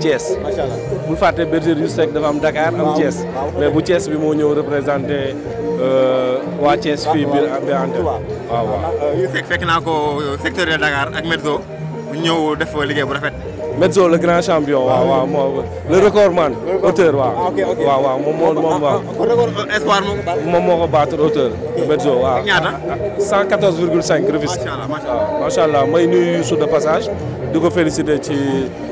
Thiès. macha allah bul fàtte bergerie Youssou Seck dafa am Dakar am bu Thiès bi moo ñëw représenté euh, waa Thiès fii biir biir antenne. waaw waaw ah, euh, Youssou Seck fekk naa ko secteur de Dakar ak Metzo bu ñëw liggéey bu rafet. Metzo le grand champion. waaw waaw moom le recordman. auteur waaw. Ah, ok ok waaw waaw moom moo moom waaw. Ah, record euh, espoir moo ko moo ko battre auteur. Metzo waaw ñaata. 114 virgule 5 Rufisque. de passage di ko féliciter ci.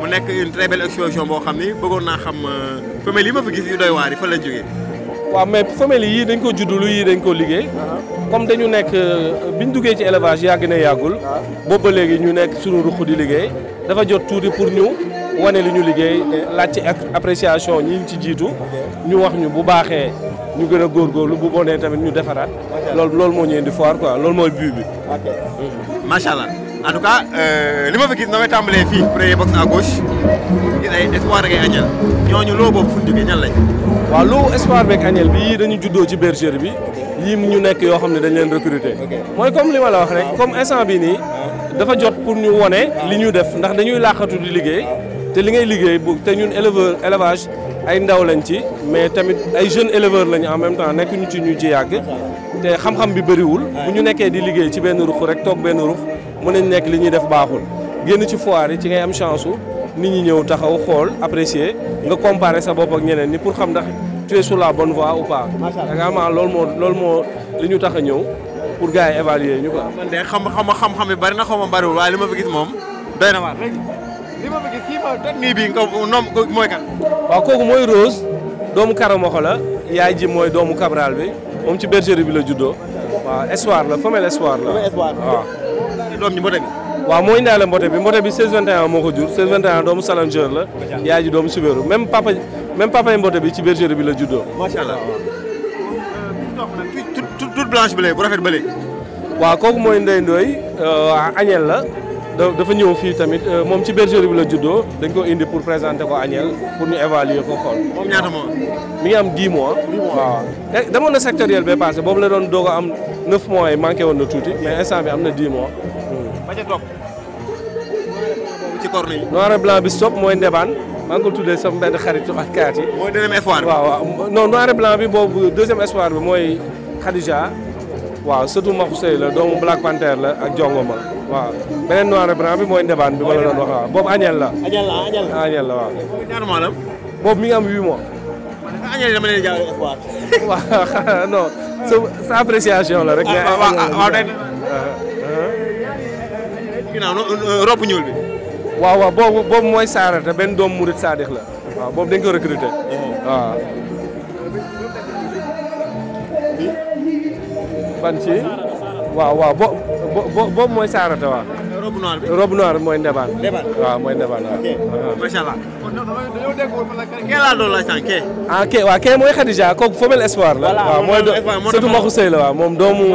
mu nekk une très exposition boo xam ni bëggoon naa xam euh, femelle yi ma fa gis yu doy waar yi fa la jógee. waaw mais femelle yii dañ ko juddulu yii dañ ko liggéey. comme dañu nekk euh, bi ñu duggee ci élevage yàgg na yàggul. boobu ba léegi ñu nekk suñu ruq di liggéey. dafa jot tuuti pour ñëw wane li ñu liggéey laaj ci appréciation ñi ci jiitu. ñu wax ñu bu baaxee ñu gën a góor góorgóorlu bu bonee tamit ñu defaraat. loolu loolu moo ñu indi foire quoi loolu mooy but bi. macha allah. en anu tout cas euh, les fi qui na may tàmbalee fii premier box à gauche gis ay espoir ak ay añel ñooñu loo boobu fu ñu jógee ñan lañ. waaw loo espoir beeg añel bi yii dañu juddoo ci bergerie bi yii ñu nekk yoo xam ne dañ leen recruter. mooy comme li ma la comme instant bi nii Il y pour un wone li ñu def ndax dañuy làqatu di liggéey te li ngay liggéey bu te ñun éleveur élevage ay ndaw lañ ci mais tamit ay jeunes éleveurs lañu en même temps nekk ñu ci ñu ci yàgg te xam-xam bi bëriwul bu ñu nekkee di liggéey ci benn ruq rek toog Il y mën nañ nekk li ñuy def baaxul génn ci foire ci ngay am chance nit ñi ñëw taxaw xool apprécier nga comparer sa bopp ak ñeneen ni pour xam ndax tu es sur la bonne voie ou pas. da nga vraiment loolu moo loolu moo li ñu tax a ñëw pour gars yi évaluer ñu ko. man de xam xam-xam bi bari na xaw ma bariwul waaye li ma fi gis moom doy na waar li ma fi gis kii ma dot nii bii nga noom mooy kan. waaw kooku mooy Rose doomu Karamoxo la yaay ji mooy doomu Cabral bi moom ci bergerie bi la juddoo waaw espoir la femelle espoir la espoir doom ji mbote bi waaw moo indaale mbote bi mbote bi 16 21 moo ko jur 16 21 doomu Salangeur la yaay ji doomu Subéru même papa même papa yi mbote bi ci bergerie bi la juddoo macha allah euh, toute blanche bi léegi bu rafet ba waaw kooku mooy Ndeye Ndoye euh, añel la dafa ñëw fii tamit euh, moom ci bergerie bi la juddoo dañ ko indi pour présenter ko añel pour ñu évaluer ko xool. moom ñaata mois. mi ngi am 10 mois. 10 mois waaw eh, demoon na sectoriel bee passé boobu la doon doog a am 9 mois yi manqué woon na tuuti mais instant bi am na 10 mois. ba ca topp. noir blanc bi sopp mooy ndebaan maa ngi ko tuddee sama benn xarit waaw waaw non noir blanc bi boobu deuxième espoir bi mooy Khadija waaw surtout Maxu la doomu Black Panther la ak Jongoma waaw beneen noir blanc bi mooy ndebaan bi ma la wax waaw boobu añel la. boobu mi am huit mois. ah añel dama leen espoir. waaw non sa appréciation la rek. Ah, ah, ah waaw waaw euh, ginnaaw euh, euh, rob ñuul bi. waaw waaw boobu mooy Saarata benn doomu Murid Saadix la waaw boobu dañ ko oh. ban ci waaw waaw boobu mooy Saarata waaw. robe noir mooy Ndebaan. waaw mooy Ndebaan waaw. macha allah. kon waaw kee mooy Khadija kooku femelle espoir la. waaw mooy surtout Maxu Sey la waaw moom doomu.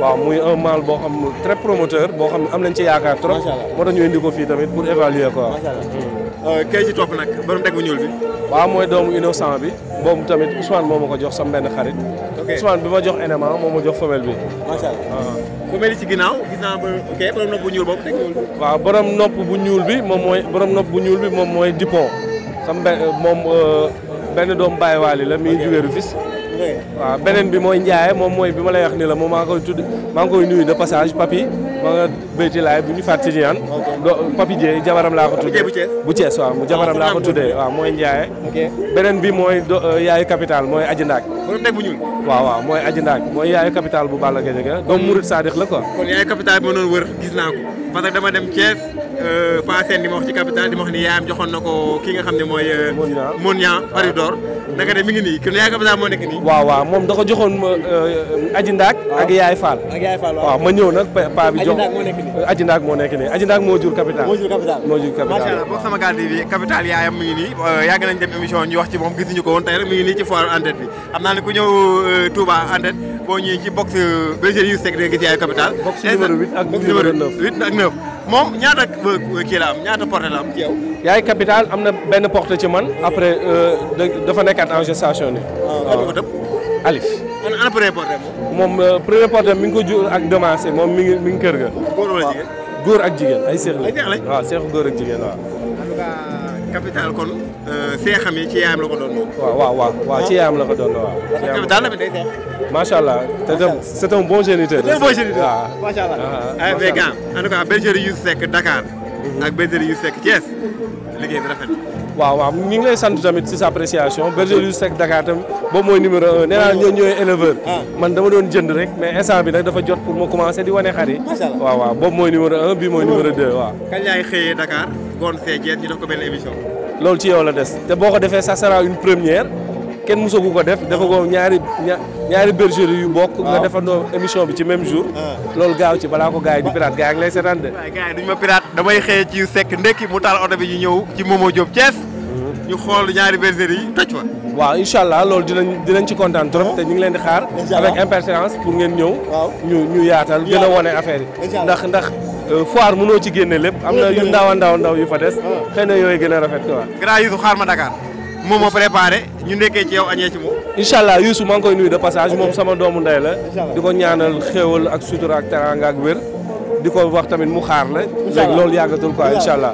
waaw muy un mâle boo xam ne promoteur boo xam ne am nañ ci yaakaar trop. macha allah moo tax ñu indi ko fii tamit pour évaluer ko macha allah hmm. euh, kay ci nag borom teg bu ñuul bi. waaw mooy doomu innocent bi. boobu tamit Ousmane moo ma ko jox sama benn xarit. ok Ousmane bi ma jox élément moom ma jox femelle bi. Ah. mel ni ci ginnaaw waaw borom nopp bu ñuul bi moom mooy borom nopp bu ñuul bi moom mooy Dupont. sama benn moom euh, benn doomu bàyyiwaale la mi ngi jugee Rufisque waaw beneen bi mooy Ndiaye moom mooy bi ma lay wax ni la moom maa ngi koy tudd maa ngi koy nuyu de passage papi ma nga béyti bu ñu fàtte ci yan do papi Dieye jabaram laa bu Thiès waaw mu jabaram laa ko tuddee waaw mooy Ndiaye beneen bi mooy euh, yaayu capital mooy aji ndaak waaw waaw mooy aji ndaak mooy yaayu capital bu Balla Gaye ga doom Mourid la quoi kon yaayu capital bi ma doon wër gis naa ko parce que dama dem Thiès Euh, pa Sène di ma wax ci capital di ma ni yaayam joxoon na ko ki nga xam ne mooy. Euh, Monia Paris d'or. Ah. naka ne mi ngi nii ki yaay capital moo nekk nii. waaw waaw moom da ko joxoon euh, aji ndaak ak Yaay Fall ak Yaay Fall waaw ma ñëw nag paa bi jox Aji Ndaak moo nekk nii Aji Ndaak moo jur capital moo jur capital moo jur capital macha Allah sama gàllankoor bi capital euh, yàgg nañ dem émission wax ci moom gisuñu ko woon tey rek mi ngi nii ci foire en tête bi xam naa ne ku euh, ci box euh, bergerie yu sec di nga gis Yaay capital box numéro 8 ak numéro 9 8 ak 9 moom ñaata kii am ñaata portée la am Yaay capital am na benn portée ci man après dafa nekkaat en gestation ni ah, Alif. kon ana premier portrait moom. Euh, mi ngi ko jur ak demancé moom mi ngi mi ngi kër ga. góor ak jigéen ay seex la. ay seex góor ak jigéen waaw. en tout kon euh, seexam yi ci yaayam la ko doon moom. allah te itam c'est un bon géniteur. c'est un bon géniteur waaw ah. macha allah. ay ah, béykat ah, eh, en tout cas bergerie yu sekk Dakar. Mhm. waaw waaw ñu ngi lay sant tamit si sa appréciation sec Dakar tam boobu numéro un nee naa éleveur ah. man dama doon jënd rek mais instant bi nag dafa jot pour ma commencer di wane xar yi waaw waaw boobu mooy numéro un bii numéro 2 waaw Dakar gone fee ñu émission loolu ci yow la ça sera une première kenn mosagu ko def dafa ko ñaari ñaari bergerie yu bokk nga defandoo émission bi ci même jour ah. loolu gaaw ci balaa ko gars yi di pirate gars yi ngi lay seetaan de gars yi ma pirate damay xëyee ci sekk ndekki mu taal oto bi ñu ñëw ci moomoo Diop Thiès mhm. ñu xool ñaari bergerie yi toj fa waaw incha allah loolu dinañ dinañ ci kontaan trop ah. te ñu ngi leen di xaar avec impatience pour ngeen ñëw ñu ñu yaatal gën a wone affaire yi ndax ndax euh, foire mënoo ci génne lépp am na yu ndaw a ndaw ndaw yu fa des ah. xëy yooyu gën a rafet quoi grand Youssou xaar moom moo préparé ñu nekkee ci yow añee moom. incha allah Youssou maa ngi koy nuyu de passage moom sama doomu ndey la. di ko ñaanal xéewal ak sutura ak teranga ak wér. di ko wax tamit mu xaar la. léegi yàggatul quoi incha allah.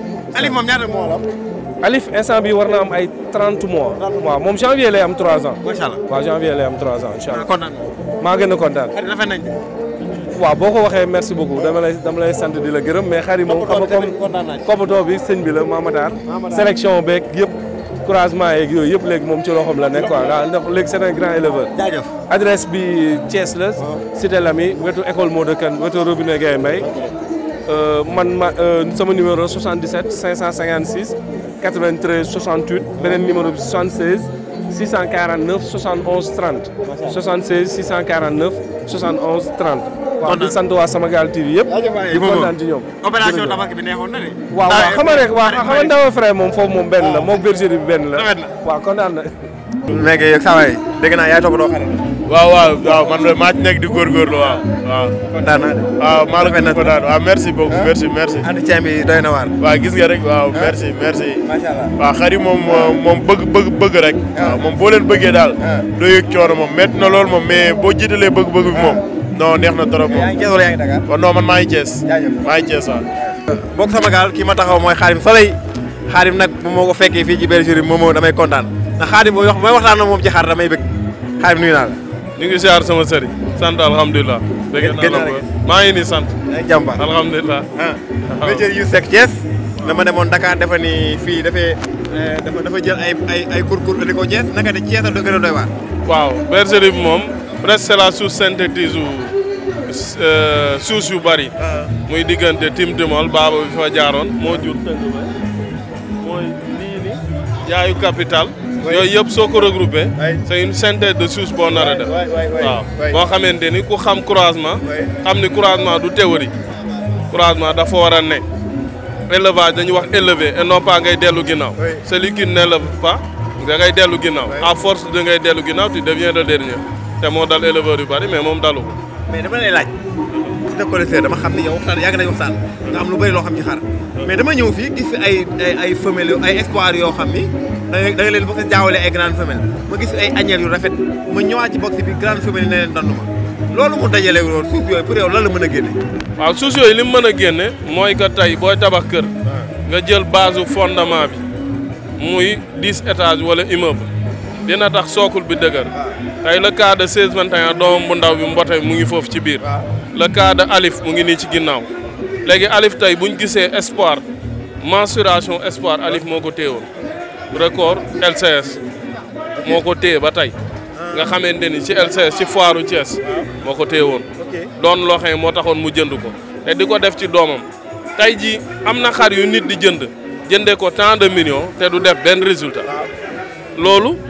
Alif instant bi war na am ay 30 mois. moom janvier lay am 3 ans. macha allah waaw janvier lay am 3 ans incha ah, allah. kontaan maa gën kontaan. waaw boo ko waxee merci beaucoup dama lay dama lay sant di la gërëm mais xar yi moom xam nga comme coppitoo bi sëñ bi la Mamadaar. sélection beeg yëpp. croisement yeeg yooyu yëpp ci la nek quoi c'est un grand éleveur. jaajëf adresse bi Thiès la. Oh. cité Lamy wetu école wetu robinet euh man ma euh, sama numéro 77 556 93 68 le numéro 76 649 71 30. 76 649 71 30. wax di sant waa Samagal TV yëpp di de waaw waaw moom foofu moom benn la moom bergerie bi benn di góorgóorlu waaw waaw ko kontaan waaw merci beaucoup ah. merci merci andi ceeb ah. merci merci macha allah waaw xar bëgg rek ah. waaw moom boo leen bëggee daal doo yëg coono moom métti na lool moom mais boo jiitalee bëgg-bëgg non neex na trop moom yaa ngi Dakar ah? kon oh, non man maa Thiès maa Thiès waaw bokk sama gaal kii ma taxaw mooy xaarim Soleil xaarim nag bu ma ko fekkee ci bergerie moom moo damay kontaan ndax xaarim booy wax booy waxtaan na moom ci xaar damay bëgg xaarim nuyu naa la ngi sama la ko yu ah. Thiès dama Dakar ni eh, dafa dafa jël ay ay ay kurkur indi ko Thiès naka de Thiès a gën doy waar waaw bergerie presque c'est la synthétise Euh, suus yu bari muy diggante tim demol baaba bi fa jaaroon moo jur tëng ba mooy lii ni yaayu capital yooyu yëpp soo ko regroupé c'est une synthèse de suus boo nar a def waaw boo xamante ni ku xam croisement xam ni croisement du théorie croisement dafa war a nekk élevage dañuy wax élevé et non pas ngay dellu ginnaaw celui qui lève pas da ngay dellu ginnaaw à force de ngay dellu ginnaaw tu deviens le dernier te moo dal éleveur yu bari mais moom dalu ko mais dama lay laaj gis na connaisseur dama xam ne yow waxtaan yàgg nañ waxtaan nga am lu bëri loo xam ci xar mais dama ñëw fii gis ay ay ay femelles yoo xam ni danga da nga leen bëgg a jaawale ay grande femelle ma gis ay añeel yu rafet ma ñëwaat ci box bi grande femelle yi ne leen dandu ma loolu mu dajale woon suuf yooyu pour yow lan la mën a génne waaw suuf yooyu li mu mën a génne mooy que tey booy tabax kër nga jël base fondement bi muy dix étages wala immeuble dina tax sookul bi dëgër tey le cas de 16 21 doomam bu ndaw bi mbote mu ngi foofu ci biir le cas de Alif mu ngi nii ci ginnaaw léegi Alif tey buñ gisee espoir mensuration espoir Alif moo ko téewoon record LCS moo ko téye ba tey nga xamante ni ci LCS ci foiru Thiès moo ko woon doon loo moo taxoon mu jënd ko te di ko def ci doomam tey jii am na xar yu nit di jënd jëndee ko tant de millions te du def benn résultat loolu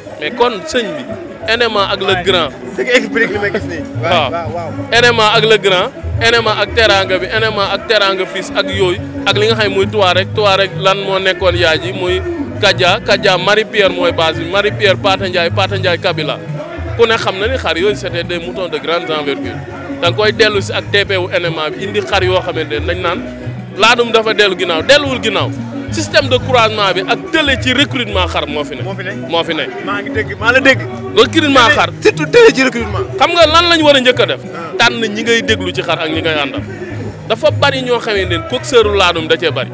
mais kon sëñ bi NMA ak le grand. c'est ak le grand. NMA ak teraanga bi NMA ak teraanga fils ak yooyu ak li nga xam muy Touareg Touareg lan moo nekkoon yaay ji muy Kaja kajaa Marie Pierre mooy base bi Marie Pierre Pata Ndiaye Pata Ndiaye Kabila ku ne xam na ni xar yooyu c'était des moutons de grande envergure da nga koy dellu si ak DP wu bi indi xar yoo xamante ne dañ naan laadum dafa dellu ginnaaw delluwul ginnaaw. système de croisement bi ak télé ci recrutement xar moo fi ne. moo fi ne moo fi ne. maa ngi dégg maa la dégg. recrutement xar surtout télé ci recrutement. xam nga lan lañ war a njëkk a def. Ah. tànn ñi ngay déglu ci xar ak ñi ngay àndal. dafa bari ñoo xamee ne coxeuru laadum da cee bari.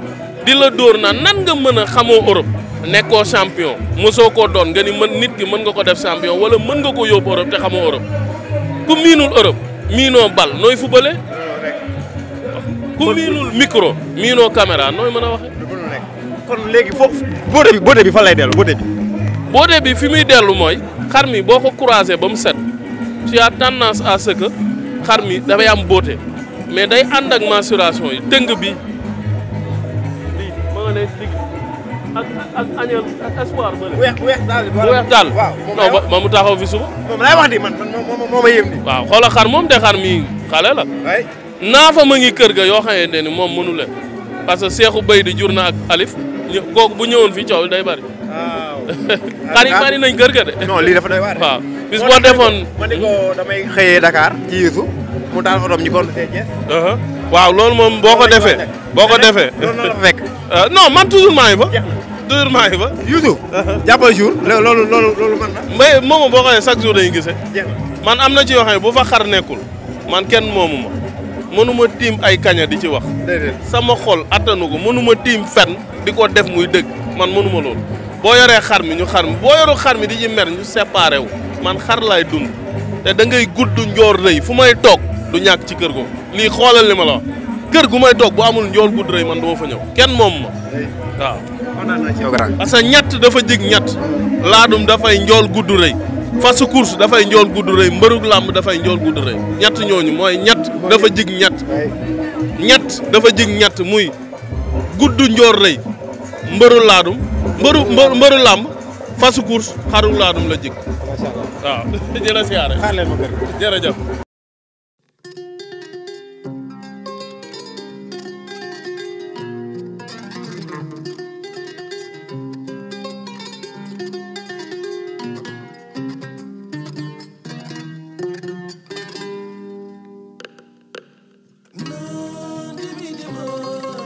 di la dóor naan nan nga mën a xamoo Europe. nekkoo champion mosoo koo doon nga ni mën nit ki mën nga ko def champion wala mën nga ko yóbbu Europe te xamoo Europe ku miinul Europe miinoo bal nooy fubale ah, ku miinul micro miinoo caméra nooy mën a waxee. kon léegi foofu bóote bi bóote bi fan lay dellu bóote bi. bóote bi fi muy dellu mooy xar mi boo ko croisé ba mu set tu as tendance à ce que xar mi dafay am bóote mais day ànd ak mensuration yi dëng bi lii ma nga ne ak ak añal ak espoir ba weex weex daal bu weex daal non ba mu taxaw fi suba. moom laay wax di man man moo ma yëm di. waaw xoola xar moom de xar mi xale la. naafa ma ngi kër ga yoo xamante ni moom mënu leen parce que seexu bay di jur ak alif kooku bu ñëwoon fii coow day bari. waaw xari ah, nañ kër ga de. lii dafa doy waar waaw bis boo defoon. ma ne ko damay xëyee Dakar ci Youssou mu taal otoom ñu bon see uh-huh. waaw loolu moom boo ko defe boo ko defee loolu la fekk. Uh, man toujours maa ngi fa. toujours maa ngi fa. Youssou. Uh-huh. jàppal jour loolu loolu loolu man la. mais moom boo xoolee chaque jour dañuy gisee. man am na ci yoo xam ne bu fa xar nekkul man kenn moomu ma. mënuma tim ay kaña di ci wax sama xol atanugo mënuma tim fen diko def muy deug man mënuma lool bo yoré xar mi ñu xar mi yoru xar mi di ci mer ñu séparé wu man xar lay dund té da ngay gudd njoor rëy fu may tok du ñak ci kër go li xolal li ma la kër gu may tok bu amul njool gudd reuy man do fa ñew kenn mom ma waaw parce que ñett dafa jig ñett laadum fay njool gudd reuy fas course dafay njool gudd rëy mbërug làmb dafay njool gudd rëy ñett ñooñu mooy ñett dafa jig ñett ñett dafa jig ñett muy gudd njoor rëy mbëru laadum mbëru mbëru làmb fas course xaru laadum la jig